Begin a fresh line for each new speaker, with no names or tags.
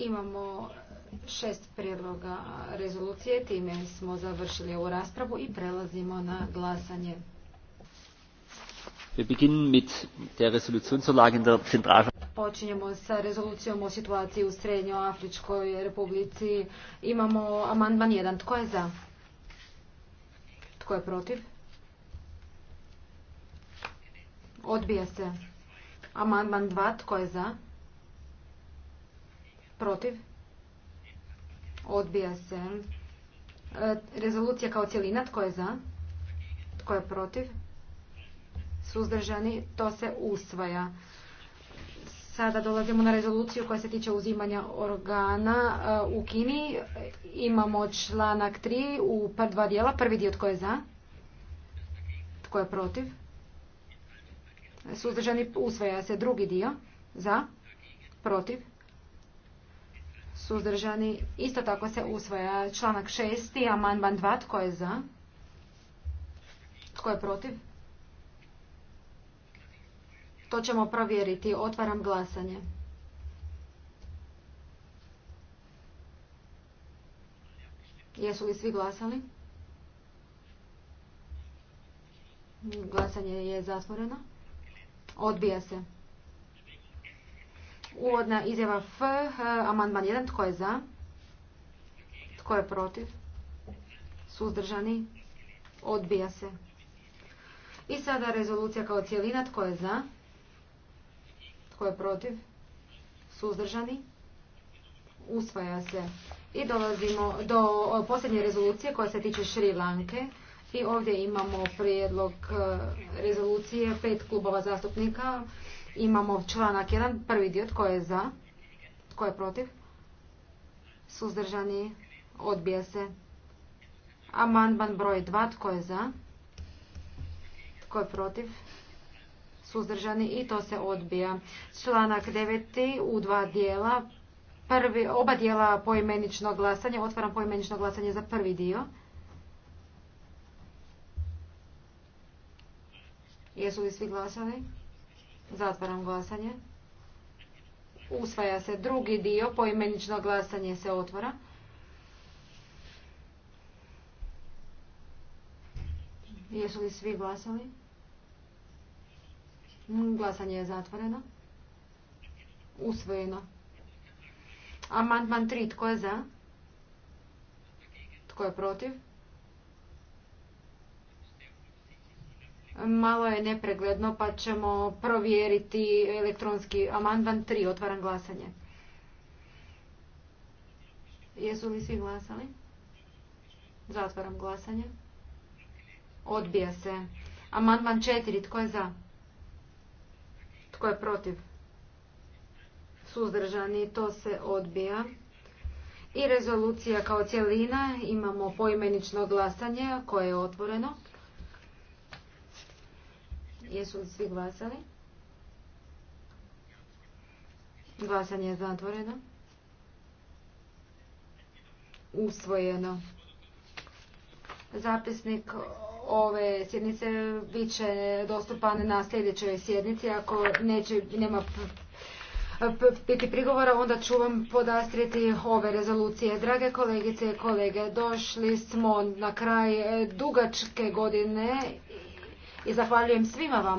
Imamo šest prijedloga rezolucije, time smo završili ovu raspravu i prelazimo na glasanje. Počinjemo sa rezolucijom o situaciji u Srednjoafričkoj republici. Imamo amandman 1. Tko je za? Tko je protiv? Odbija se. Amandman 2. Tko je za? protiv, odbija se. E, rezolucija kao cjelina, tko je za, tko je protiv, suzdržani, to se usvaja. Sada dolazimo na rezoluciju koja se tiče uzimanja organa e, u Kini. Imamo članak 3 u par dva dijela. Prvi dio tko je za? Tko je protiv? Suzdržani usvaja se drugi dio. Za? Protiv? suzdržani, isto tako se usvaja članak 6. amandman 2, tko je za? Tko je protiv? To ćemo provjeriti. Otvaram glasanje. Jesu li svi glasali? Glasanje je zasvoreno. Odbija se. Uvodna izjava F, eh, amandman 1, tko je za? Tko je protiv? Suzdržani? Odbija se. I sada rezolucija kao cijelina, tko je za? Tko je protiv? Suzdržani? Usvaja se. I dolazimo do posljednje rezolucije koja se tiče Šri I ovdje imamo prijedlog eh, rezolucije pet klubova zastupnika. Imamo članak 1, prvi dio, tko je za, tko je protiv, suzdržani, odbija se. Amandman broj 2, tko je za, tko je protiv, suzdržani i to se odbija. Članak 9 u dva dijela, prvi, oba dijela poimenično glasanje, otvaram poimenično glasanje za prvi dio. Jesu li svi glasani? Zatvaram glasanje. Usvaja se drugi dio, poimenično glasanje se otvora. Jesu li svi glasali? Glasanje je zatvoreno. Usvojeno. Amandman 3. Tko je za? Tko je protiv? Malo je nepregledno pa ćemo provjeriti elektronski amandman 3. Otvaram glasanje. Jesu li svi glasali? Zatvaram glasanje. Odbija se. Amandman 4. Tko je za? Tko je protiv? Suzdržani. To se odbija. I rezolucija kao cjelina. Imamo poimenično glasanje koje je otvoreno. Jesu li svi glasali? Glasanje je zatvoreno. Usvojeno. Zapisnik ove sjednice bit će dostupan na sljedećoj sjednici. Ako neće, nema biti prigovora, onda ću vam podastriti ove rezolucije. Drage kolegice i kolege, došli smo na kraj dugačke godine i zahvaljujem svima vam